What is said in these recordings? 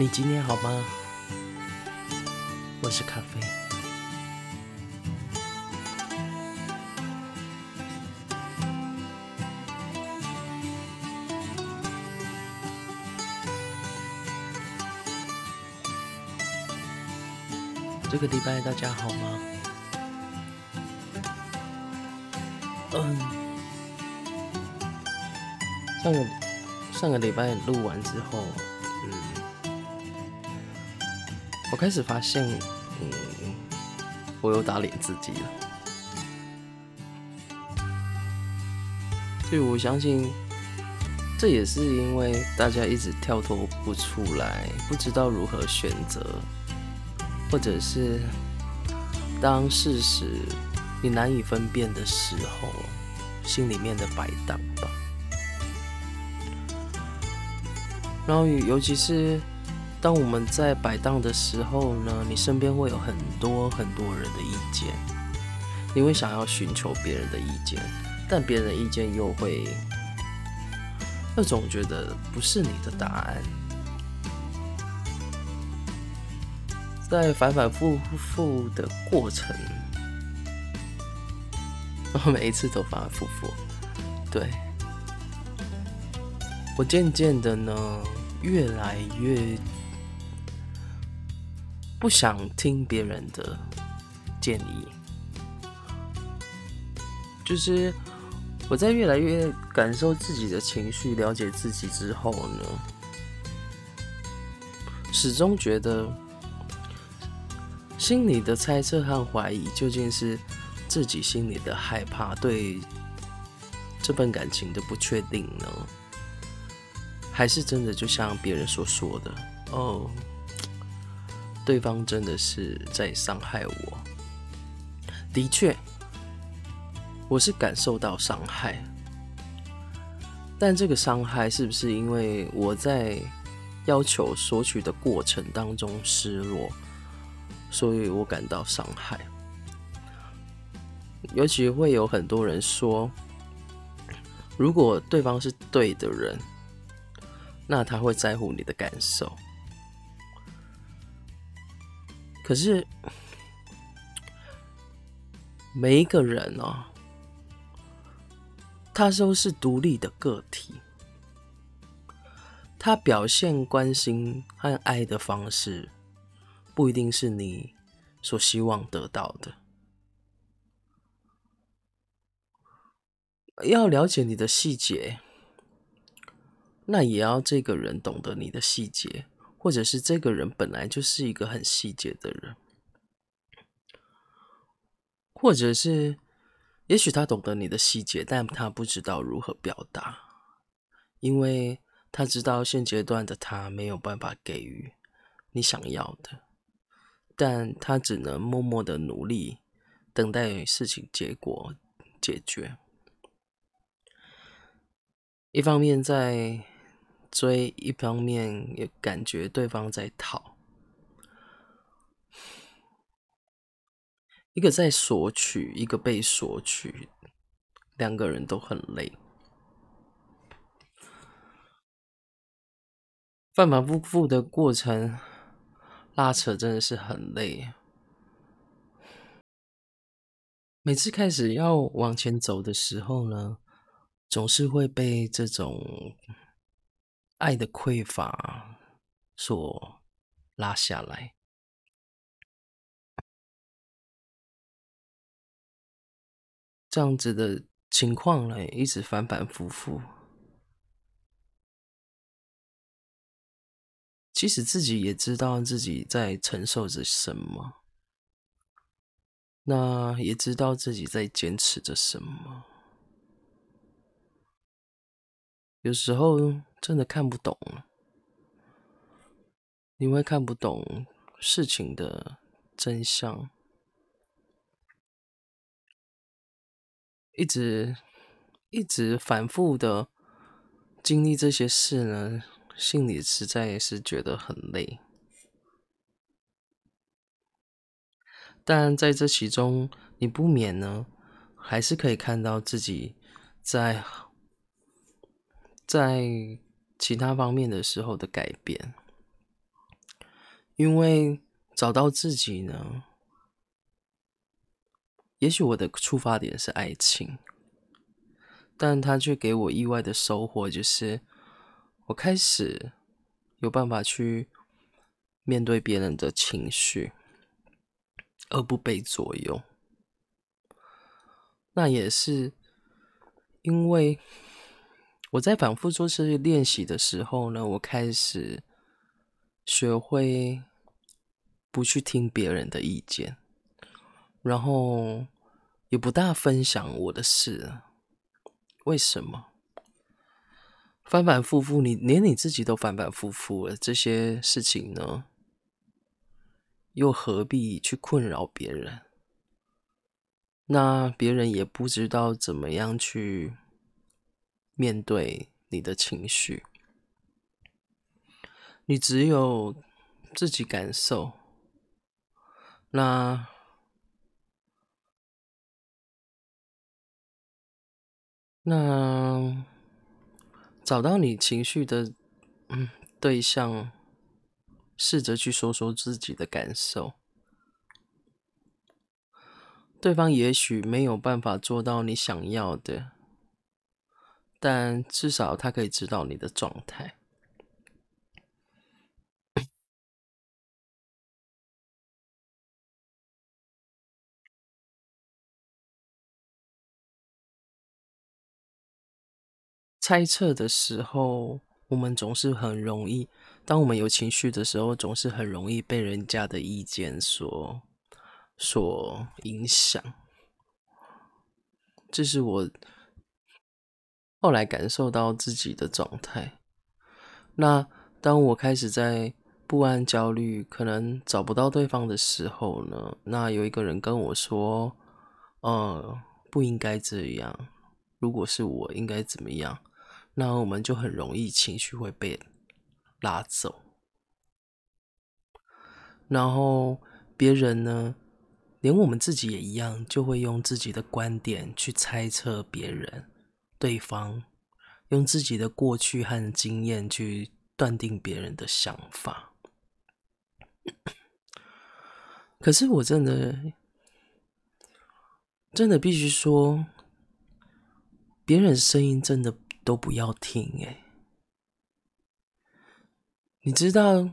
你今天好嗎？我是咖啡。這個禮拜大家好嗎？嗯，上個上個禮拜錄完之後。我開始發現，嗯，我又打臉自己了。所以我相信，這也是因為大家一直跳脫不出來，不知道如何選擇，或者是當事實你難以分辨的時候，心裡面的擺盪吧。然後，尤其是。當我們在擺盪的時候呢，你身邊會有很多很多人的意見，你會想要尋求別人的意見，但別人的意見又會，那總覺得不是你的答案，在反反复复的過程，我每一次都反反复复，對，我漸漸的呢，越來越。不想聽別人的建議，就是我在越來越感受自己的情緒、了解自己之後呢，始終覺得心裡的猜測和懷疑，究竟是自己心裡的害怕，對這份感情的不確定呢，還是真的就像別人所說的哦？對方真的是在傷害我。的確，我是感受到傷害，但這個傷害是不是因為我在要求索取的過程當中失落，所以我感到傷害？尤其會有很多人說，如果對方是對的人，那他會在乎你的感受。可是，每一個人哦，他都是獨立的個體，他表現關心和愛的方式，不一定是你所希望得到的。要了解你的細節，那也要這個人懂得你的細節。或者是這個人本來就是一個很細節的人，或者是，也許他懂得你的細節，但他不知道如何表達，因為他知道現階段的他沒有辦法給予你想要的，但他只能默默的努力，等待事情結果解決。一方面在。所以一方面也感覺對方在逃，一個在索取，一個被索取，兩個人都很累，反反复复的過程，拉扯真的是很累。每次開始要往前走的時候呢，總是會被這種。愛的匱乏所拉下來，這樣子的情況呢，一直反反復復。其實自己也知道自己在承受着什麼，那也知道自己在堅持着什麼，有時候。真的看不懂，因你會看不懂事情的真相，一直一直反覆的經歷這些事呢，心裡實在也是覺得很累。但在這其中，你不免呢，還是可以看到自己在在。其他方面的時候的改變，因為找到自己呢，也許我的出發點是愛情，但他卻給我意外的收穫，就是我開始有辦法去面對別人的情緒，而不被左右。那也是因為。我在反覆做這些練習的時候呢，我開始學會不去聽別人的意見，然後也不大分享我的事。為什麼？反反復復，你連你自己都反反復復了，這些事情呢，又何必去困擾別人？那別人也不知道怎麼樣去。面對你的情緒，你只有自己感受。那那找到你情緒的嗯對象，試着去說說自己的感受。對方也許沒有辦法做到你想要的。但至少他可以知道你的狀態。猜測的時候，我們總是很容易；當我們有情緒的時候，總是很容易被人家的意見所所影響。這是我。後來感受到自己的狀態，那當我開始在不安、焦慮，可能找不到對方的時候呢？那有一個人跟我說：“嗯、呃，不應該這樣。如果是我，應該怎麼樣？”那我們就很容易情緒會被拉走，然後別人呢，連我們自己也一樣，就會用自己的觀點去猜測別人。對方用自己的過去和經驗去斷定別人的想法，可是我真的真的必須說，別人聲音真的都不要聽哎！你知道，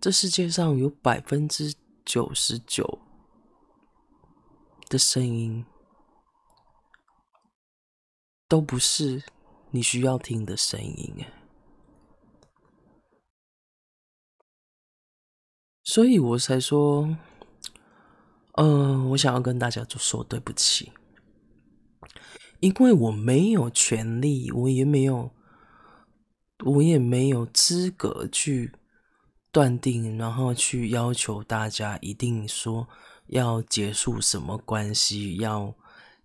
這世界上有百分之九十九的聲音。都不是你需要聽的聲音，所以我才說，呃，我想要跟大家說對不起，因為我沒有權利，我也沒有，我也沒有資格去斷定，然後去要求大家一定說要結束什麼關係，要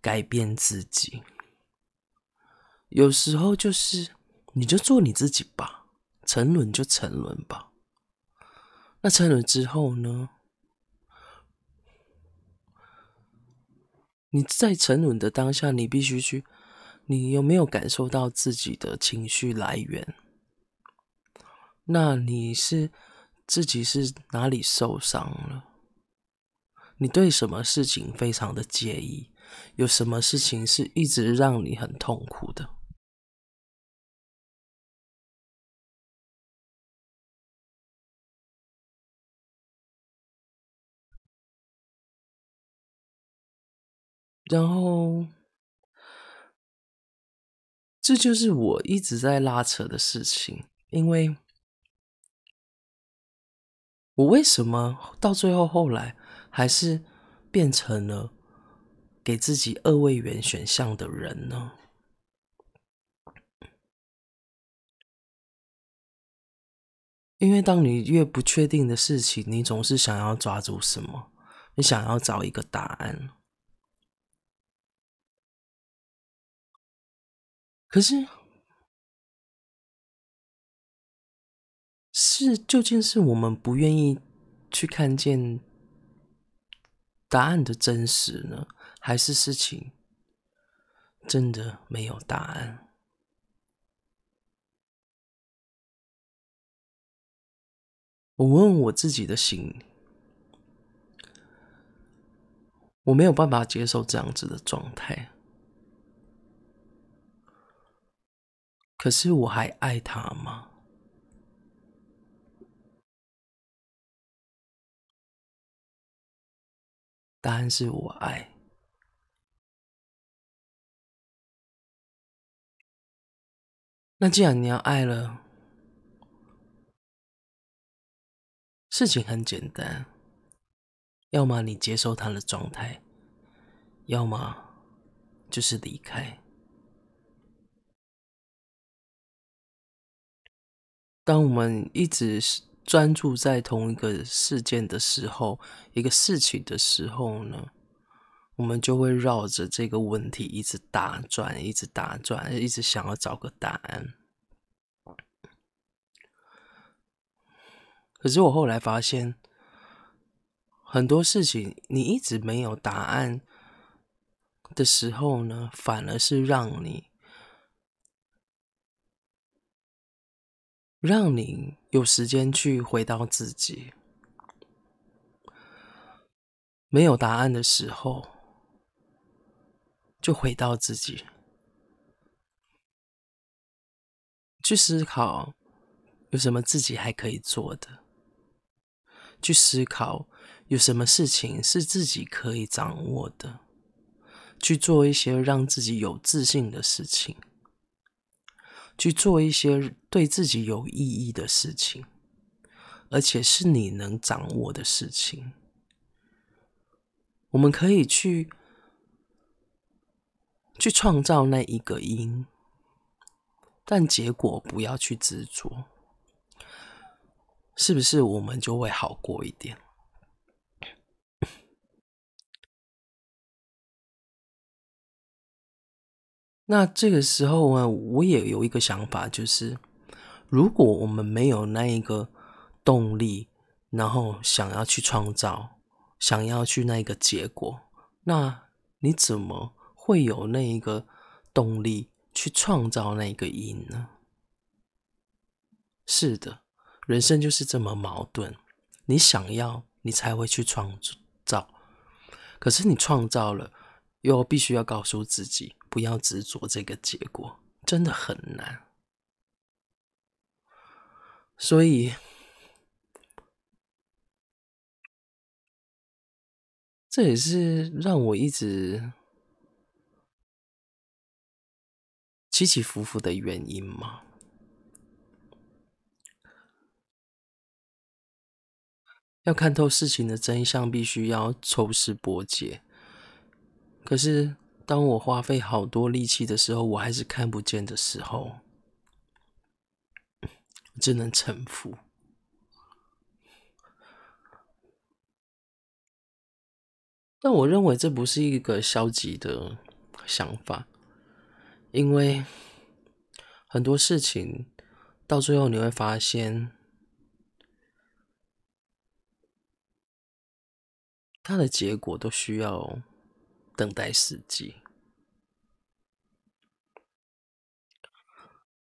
改變自己。有時候就是，你就做你自己吧，沉淪就沉淪吧。那沉淪之後呢？你在沉淪的當下，你必須去，你有沒有感受到自己的情緒來源？那你是，自己是哪裡受傷了？你對什麼事情非常的介意？有什麼事情是一直讓你很痛苦的？然後，這就是我一直在拉扯的事情。因為，我為什麼到最後後來還是變成了給自己二位元選項的人呢？因為，當你越不確定的事情，你總是想要抓住什麼，你想要找一個答案。可是，是究竟是我們不願意去看見答案的真實呢？還是事情真的沒有答案？我問我自己的心，我沒有辦法接受這樣子的狀態。可是我還愛他嗎？答案是我愛。那既然你要愛了，事情很簡單，要麼你接受他的狀態，要麼就是離開。當我們一直專注在同一個事件的時候，一個事情的時候呢，我們就會繞着這個問題一直打轉，一直打轉，一直想要找個答案。可是我後來發現，很多事情你一直沒有答案的時候呢，反而是讓你。讓你有時間去回到自己，沒有答案的時候，就回到自己，去思考有什麼自己還可以做的，去思考有什麼事情是自己可以掌握的，去做一些讓自己有自信的事情。去做一些對自己有意義的事情，而且是你能掌握的事情。我們可以去，去創造那一個因，但結果不要去執着。是不是我們就會好過一點？那這個時候呢、啊，我也有一個想法，就是如果我們沒有那一個動力，然後想要去創造，想要去那一個結果，那你怎麼會有那一個動力去創造那個因呢？是的，人生就是這麼矛盾。你想要，你才會去創造；可是你創造了，又必須要告訴自己。不要執着這個結果，真的很難。所以，這也是讓我一直起起伏伏的原因嘛。要看透事情的真相，必須要抽絲剝繭，可是，當我花費好多力氣的時候，我還是看不見的時候，只能臣服。但我認為這不是一個消極的想法，因為很多事情到最後你會發現，它的結果都需要。等待時機，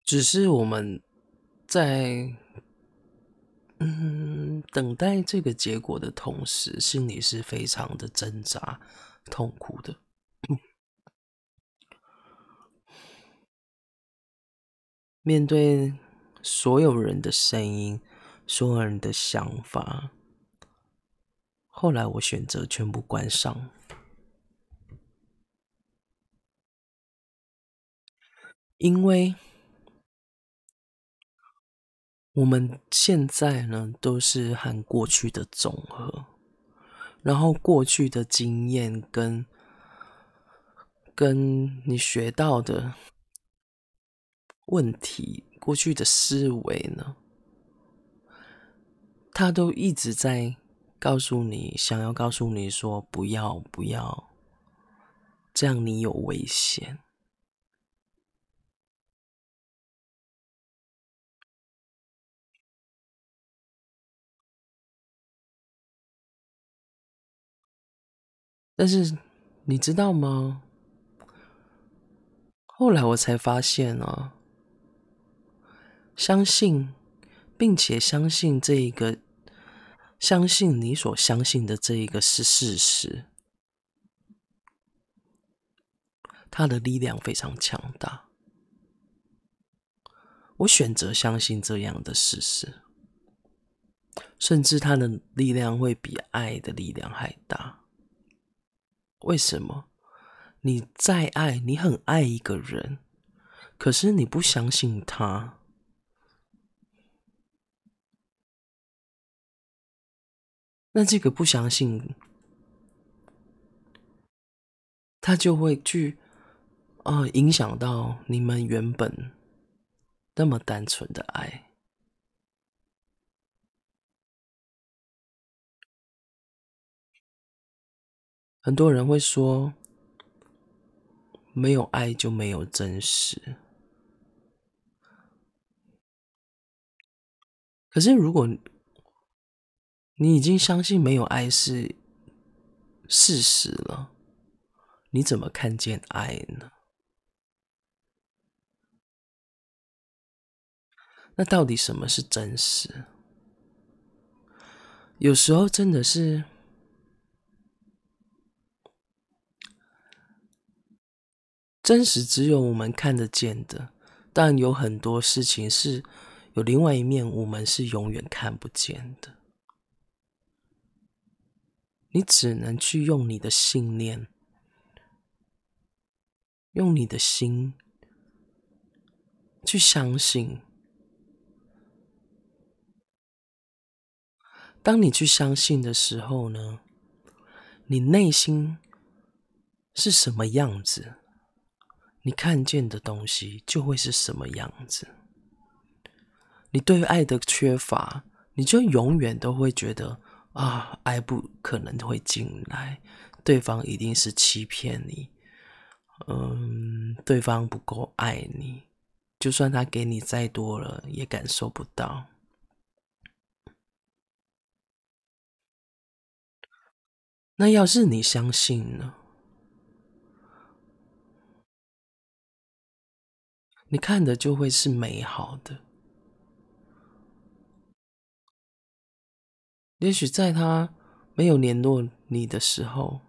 只是我們在嗯等待這個結果的同時，心裡是非常的掙扎、痛苦的。 面對所有人的聲音、所有人的想法，後來我選擇全部關上。因為我們現在呢，都是含過去的總和，然後過去的經驗跟跟你學到的問題，過去的思維呢，他都一直在告訴你，想要告訴你說不要不要，這樣你有危險。但是你知道嗎？後來我才發現哦，相信並且相信這一個，相信你所相信的這一個是事實，他的力量非常強大。我選擇相信這樣的事實，甚至他的力量會比愛的力量還大。為什麼？你再愛你很愛一個人，可是你不相信他，那這個不相信，他就會去，哦、呃，影響到你們原本那麼單純的愛。很多人會說，沒有愛就沒有真實。可是，如果你已經相信沒有愛是事實了，你怎麼看見愛呢？那到底什麼是真實？有時候真的是。真實只有我們看得見的，但有很多事情是有另外一面，我們是永遠看不見的。你只能去用你的信念，用你的心，去相信。當你去相信的時候呢，你內心是什麼樣子？你看見的東西就會是什麼樣子？你對愛的缺乏，你就永遠都會覺得啊，愛不可能會進來，對方一定是欺騙你，嗯，對方不夠愛你，就算他給你再多了，也感受不到。那要是你相信呢？你看的就會是美好的。也許在他沒有聯絡你的時候，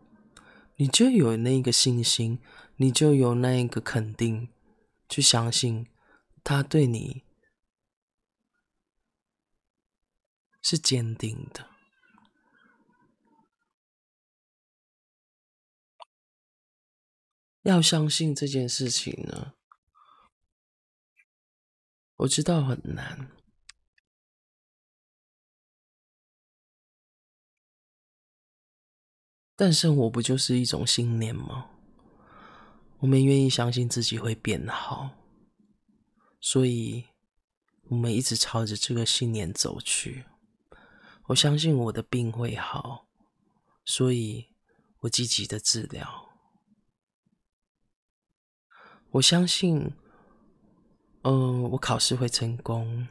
你就有那個信心，你就有那一個肯定，去相信他對你是堅定的。要相信這件事情呢。我知道很難，但生活不就是一種信念嗎？我們願意相信自己會變好，所以我們一直朝着這個信念走去。我相信我的病會好，所以我積極的治療。我相信。嗯、呃，我考試會成功。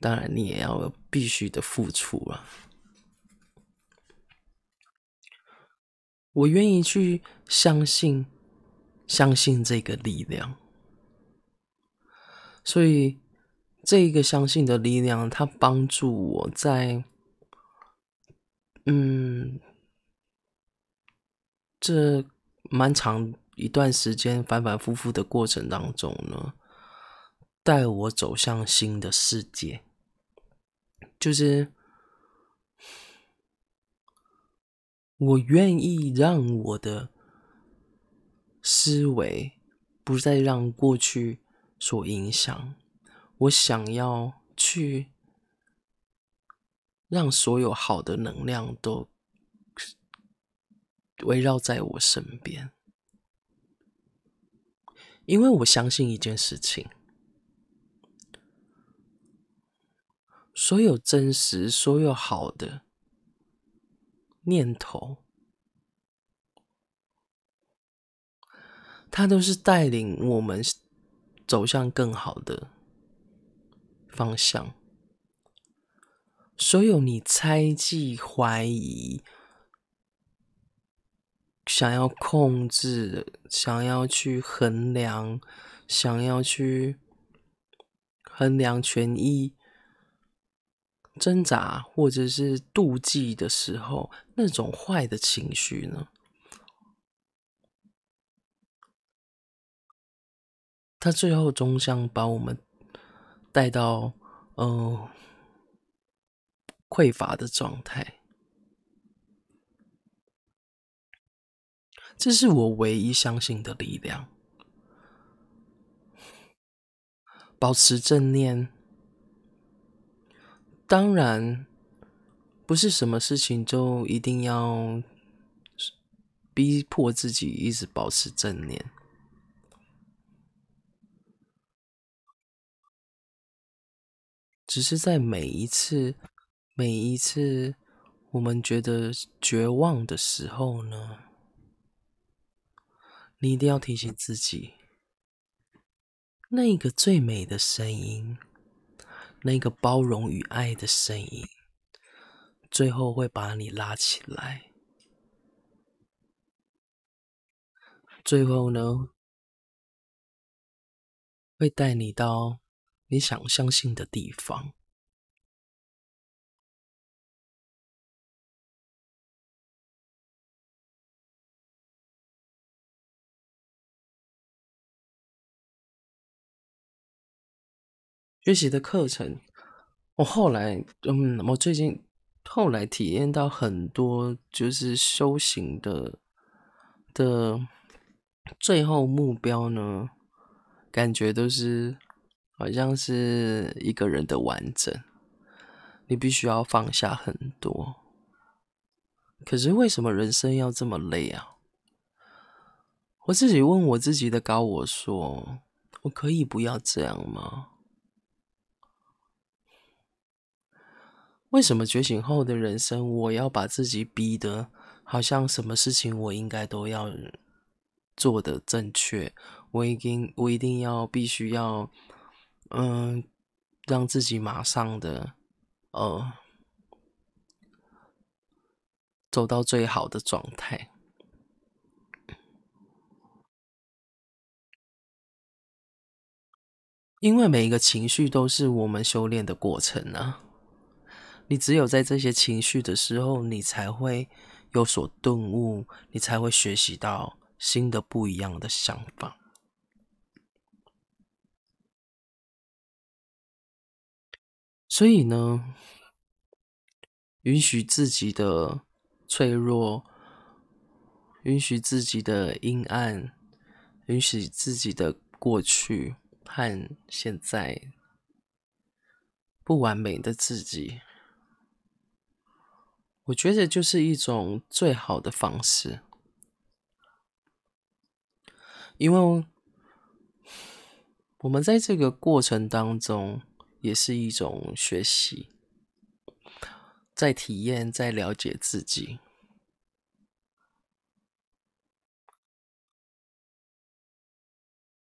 當然，你也要必須的付出啊！我願意去相信，相信這個力量。所以，這個相信的力量，它幫助我在……嗯，這蠻長一段時間反反复复的過程當中呢，帶我走向新的世界。就是我願意讓我的思維不再讓過去所影響，我想要去讓所有好的能量都圍繞在我身邊。因為我相信一件事情：所有真實、所有好的念頭，它都是帶領我們走向更好的方向。所有你猜忌、懷疑。想要控制，想要去衡量，想要去衡量權益，掙扎或者是妒忌的時候，那種壞的情緒呢，他最後終將把我們帶到呃，匱乏的狀態。這是我唯一相信的力量。保持正念，當然不是什麼事情就一定要逼迫自己一直保持正念，只是在每一次、每一次我們覺得絕望的時候呢。你一定要提醒自己，那個最美的聲音，那個包容與愛的聲音，最後會把你拉起來，最後呢，會帶你到你想相信的地方。學習的課程，我後來，嗯，我最近後來體驗到很多，就是修行的的最後目標呢，感覺都是好像是一個人的完整，你必須要放下很多。可是為什麼人生要這麼累啊？我自己問我自己的高我說，說我可以不要這樣嗎？為什麼覺醒後的人生，我要把自己逼得好像什麼事情我應該都要做的正確？我一定，我一定要，必須要，嗯，讓自己馬上的，呃，走到最好的狀態，因為每一個情緒都是我們修煉的過程啊。你只有在這些情緒的時候，你才會有所頓悟，你才會學習到新的不一樣的想法。所以呢，允許自己的脆弱，允許自己的陰暗，允許自己的過去和現在不完美的自己。我覺得就是一種最好的方式，因為我們在這個過程當中也是一種學習，在體驗，在了解自己。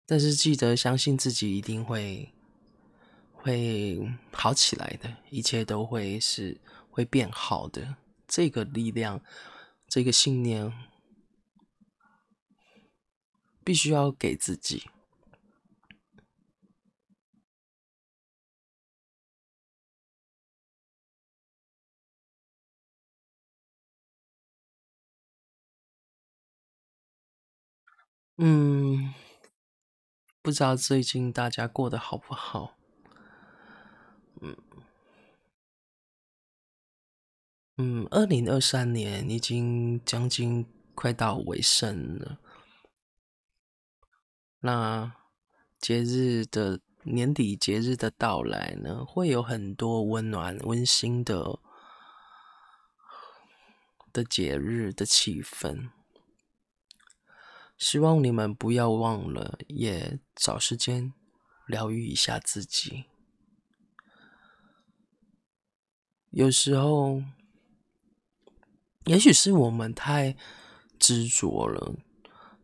但是記得相信自己，一定會會好起來的，一切都會是。會變好的，這個力量，這個信念，必須要給自己。嗯，不知道最近大家過得好不好？嗯。嗯，二零二三年已經將近快到尾聲了。那節日的年底，節日的到來呢，會有很多溫暖、溫馨的的節日的氣氛，希望你們不要忘了，也找時間療癒一下自己。有時候。也許是我們太執着了，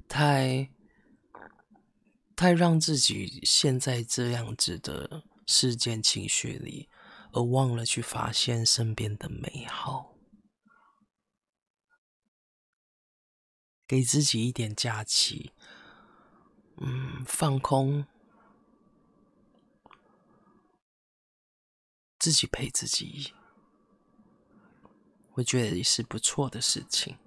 太，太讓自己陷在這樣子的事件情緒裡，而忘了去發現身邊的美好，給自己一點假期，嗯，放空，自己陪自己。會覺得也是不錯的事情。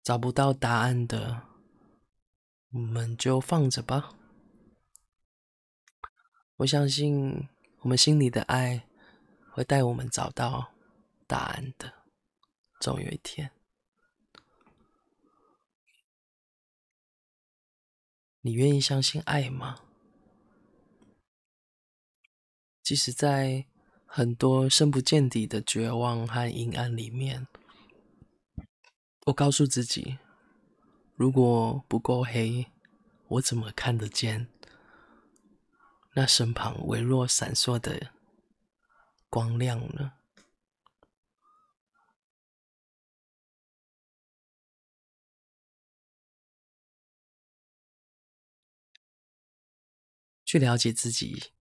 找不到答案的，我們就放着吧。我相信我們心裡的愛會帶我們找到答案的，總有一天。你願意相信愛嗎？即使在很多深不見底的絕望和陰暗裡面，我告訴自己，如果不夠黑，我怎麼看得見那身旁微弱閃爍的光亮呢？去了解自己。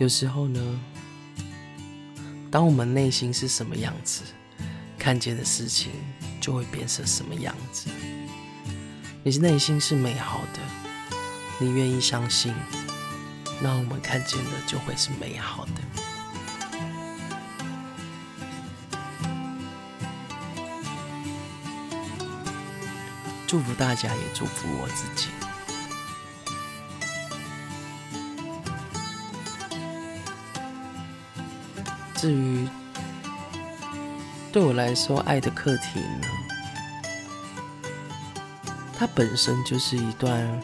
有時候呢，當我們內心是什麼樣子，看見的事情就會變成什麼樣子。你的內心是美好的，你願意相信，那我們看見的就會是美好的。祝福大家，也祝福我自己。至於對我來說，愛的課題呢，它本身就是一段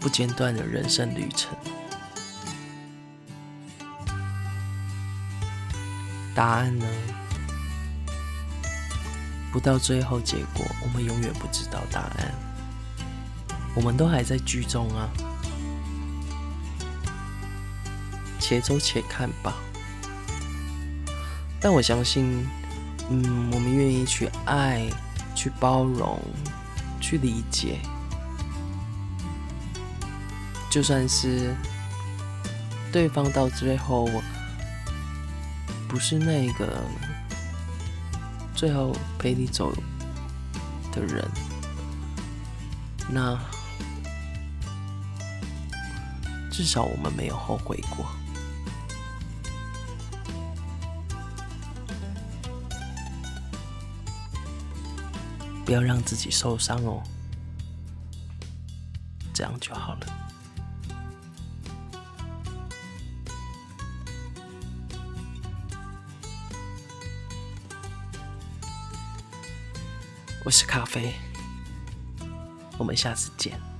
不間斷的人生旅程。答案呢，不到最後結果，我們永遠不知道答案。我們都還在劇中啊。且走且看吧，但我相信，嗯，我們願意去愛，去包容，去理解，就算是對方到最後不是那個最後陪你走的人，那至少我們沒有後悔過。不要讓自己受傷哦，這樣就好了。我是咖啡，我們下次見。